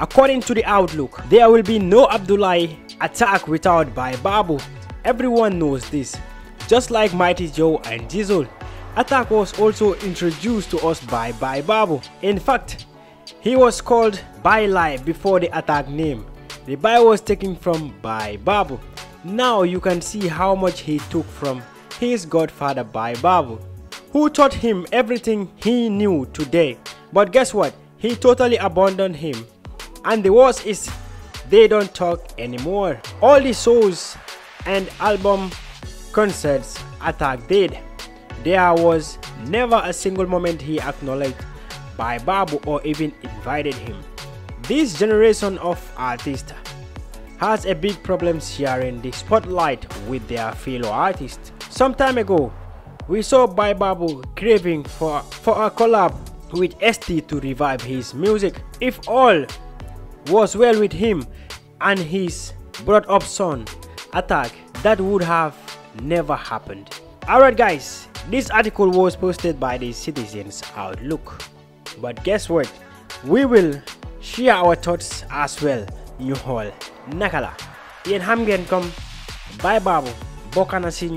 According to the outlook, there will be no Abdullahi attack without by Babu. Everyone knows this. Just like Mighty Joe and Diesel, attack was also introduced to us by Bai Babu. In fact, he was called Bai Lai before the attack name. The Bai was taken from Bai Babu. Now you can see how much he took from his godfather Bai Babu, who taught him everything he knew today. But guess what? He totally abandoned him and the worst is they don't talk anymore. All the shows and album concerts Attack did, there was never a single moment he acknowledged by Babu or even invited him. This generation of artists has a big problem sharing the spotlight with their fellow artists. Some time ago, we saw Bai Babu craving for, for a collab with ST to revive his music. If all was well with him and his brought up son attack that would have never happened. Alright guys, this article was posted by the Citizens Outlook. But guess what? We will share our thoughts as well. You all nakala. Yen xam ngeen comme Baye Babou bokk na si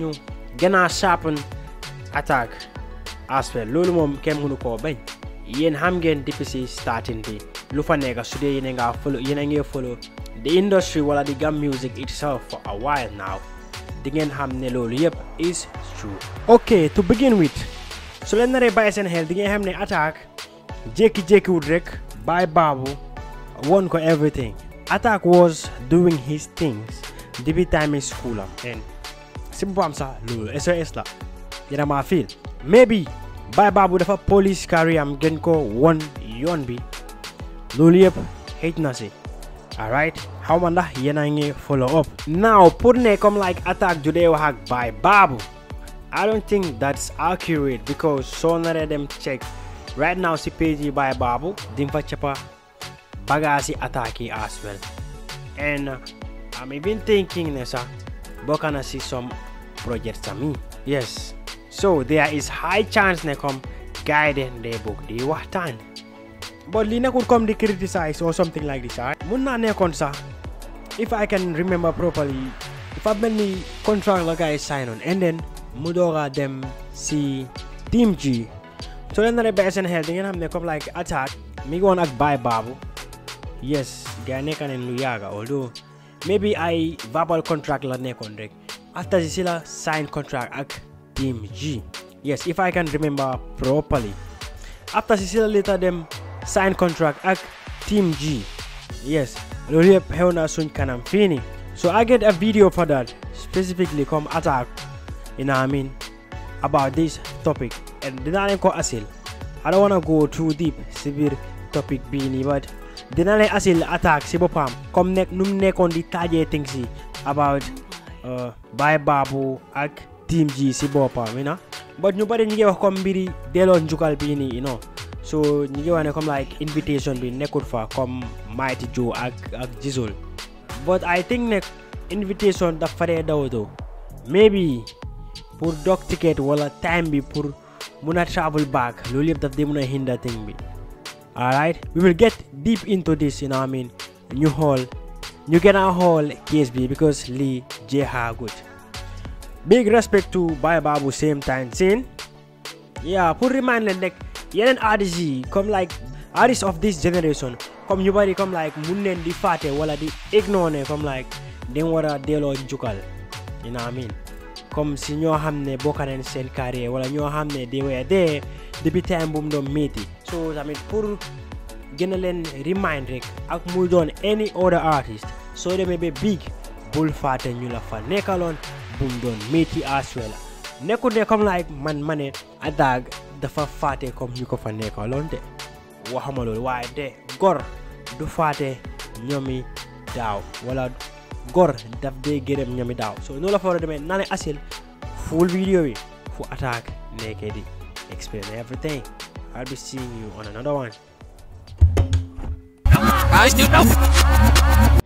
sharpen attack as well loolu moom kenn mënu koo bañ yéen starting bi Lufanega, fa nekk follow yéen follow the industry while the gam music itself for a while now di ngeen xam is true. ok to begin with so let naree bàyyi seen xel di ngeen xam ne attaque Jakey jekki wut rek bàyyi won everything Attack was doing his things DB time is school and simple. boppam sax loolu SOS la yéen ma feel maybe by Babu dafa police carry am gën one won Lulip nasi. Alright, how Haumanda Yenangi follow up. Now Putne come like attack Judeo hack by Babu. I don't think that's accurate because so none of them check. Right now CPG by Babu, Dimfa Chapa, Bagasi attacky as well. And uh, I'm even thinking Nessa, Bokana see some projects to me. Yes. So there is high chance Nekom guiding the book the Watan but Lina could come to criticize or something like this right? mun naa nekkoon sax if I can remember properly if I mel ni contract la gars sign on and then mu dem si team G. so then naree ba seen xel di ngeen xam like attack me go on ak Baye Babu yes ganekan yi nekka although maybe I verbal contract la nekkoon rek after si sila sign contract ak team G yes if I can remember properly after si la later dem. sign contract ak Team G. Yes, Lolia Peona Sun fini So I get a video for that, specifically come attack, you know what I mean, about this topic. And dina len ko asil. I don't want to go too deep, severe topic ni but dina len asil attack si bopam Come nek num nekon di tajé things yi about uh, bye Babu ak Team G si bopam you know. But bari wax comme nige delon jukal bi ni you know. so ñi ngi wax comme like invitation bi nekkul fa comme Mighty Joe ak ak Jizzle but I think ne invitation daf faree dawatoo maybe pour dog ticket wala time bi pour mun a travel back loolu yëpp daf dee mun a thing bi alright we will get deep into this you know what I mean ñu xool ñu gën a xool case bi because lii jeexagut big respect to Baye babu same time seen yeah pour remind leen nekk yeneen artistes yi comme like artistes of this generation comme ñu bari comme like mun neen di fàtte wala di ignorer comme like dañ war a delloo njukkal you know what I comme si ñoo xam ne bokk nañ seen carrière wala ñoo xam ne di were there depuis time bu mu doon metti so tamit pour gën leen remind rek ak muy doon any other artist soo demee ba big bul fàtte ñu la fa nekkaloon bu mu doon metti as well nekkul ne comme like man ma ne a dafa faate comme ñu ko fa nekkaloon de waxama waaye de gor du faate ñoomi daaw wala gor daf dee gërëm ñoomi daaw so noonu la fa war a demee naa ne asil full video bi fu attaque nekkee di explain everything I'll be you another one